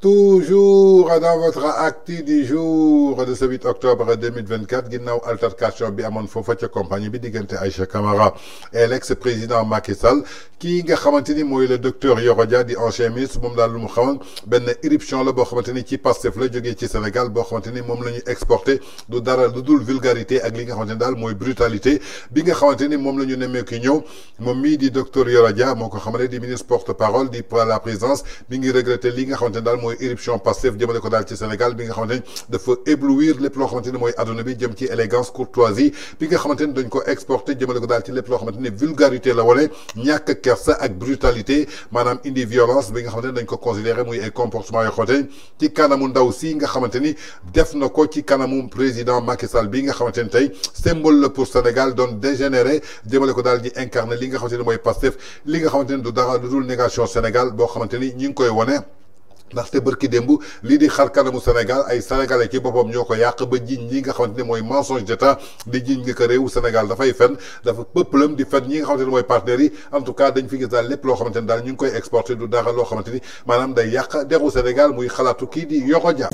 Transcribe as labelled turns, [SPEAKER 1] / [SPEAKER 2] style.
[SPEAKER 1] toujours dans votre acte du jour de ce 8 octobre 2024 ginnaaw altercation bi Amon foofa accompagné compagnie bi Aïcha Camara et l'ex-président Macky Sall qui nga xamanteni moy le docteur Yoro Dia di ancien ministre moom daal lu mu xaman ben éruption la bo xamanteni ci Pastef la jógee ci Sénégal bo xamanteni mom lañu la exporté du dara lu dul vulgarité ak li nga xamanteni dal moy brutalité bi nga xamanteni mom lañu némé ñu ñew mom mi di docteur Yoro Dia moo ko di ministre porte parole di la présence, bi ngi regretté li nga xamanteni dal moy éruption Pastef jëmale ko dal ci Sénégal bi nga xamanteni dafa éblouir lépp loo xamante ni mooy adduna bi jëm ci élégance courtoisie bi nga xamanteni dañ ko exporté jëmale ko dal ci lepp lo xamanteni vulgarité la wolé ñàkk kersa ak brutalité manam indi violence bi nga xamanteni dañ ko considérer muy ay comportement yo xamante ci kanamu ndaw si nga xamanteni def na ko ci kanamu président Macky Sall bi nga xamanteni tay symbole la pour Sénégal don dégénéré jëmale ko dal di incarne. li nga xamanteni moy mooy Pastef li nga xamanteni ni du dara lu négation Sénégal bo xamanteni ñing koy woné ndaxte bërki démb lii di xar kanamu Sénégal ay sénégalais ci boppam ñoo ko yàq ba jiñ ñi nga xamante ni mooy mensonge d'état di jiñ nga ko réewu Sénégal dafay fen dafa pëplam di fen ñi nga xamante ne mooy partenaires yi en tout cas dañ fi gis daal lépp loo xamante ne daal ñu ngi koy exporté du dara loo xamante ni maanaam day yàq deru Sénégal muy xalaatu kii di Yoro Dia